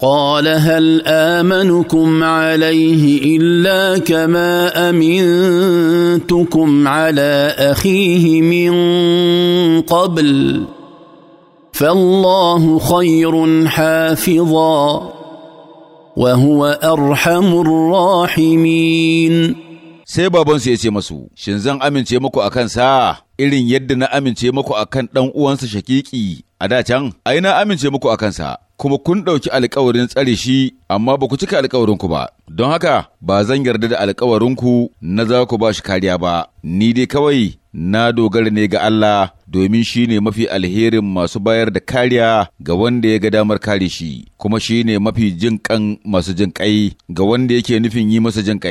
قال هل امنكم عليه الا كما امنتكم على اخيه من قبل فالله خير حافظا وهو ارحم الراحمين sai babansu ya ce masu, Shin zan amince muku a kansa irin yadda na amince muku a kan ɗan uwansa shakiki a da can, ai na amince muku a kansa, kuma kun ɗauki alkawarin tsare shi amma ba ku cika alkawarinku ba, don haka ba zan yarda da alkawarinku na za ku ba shi kariya ba, ni dai kawai na dogara ne ga Allah domin shi ne mafi alherin masu bayar da kariya ga wanda ya ga damar kare shi, kuma shi ne mafi jin masu jin ga wanda yake nufin yi masa jin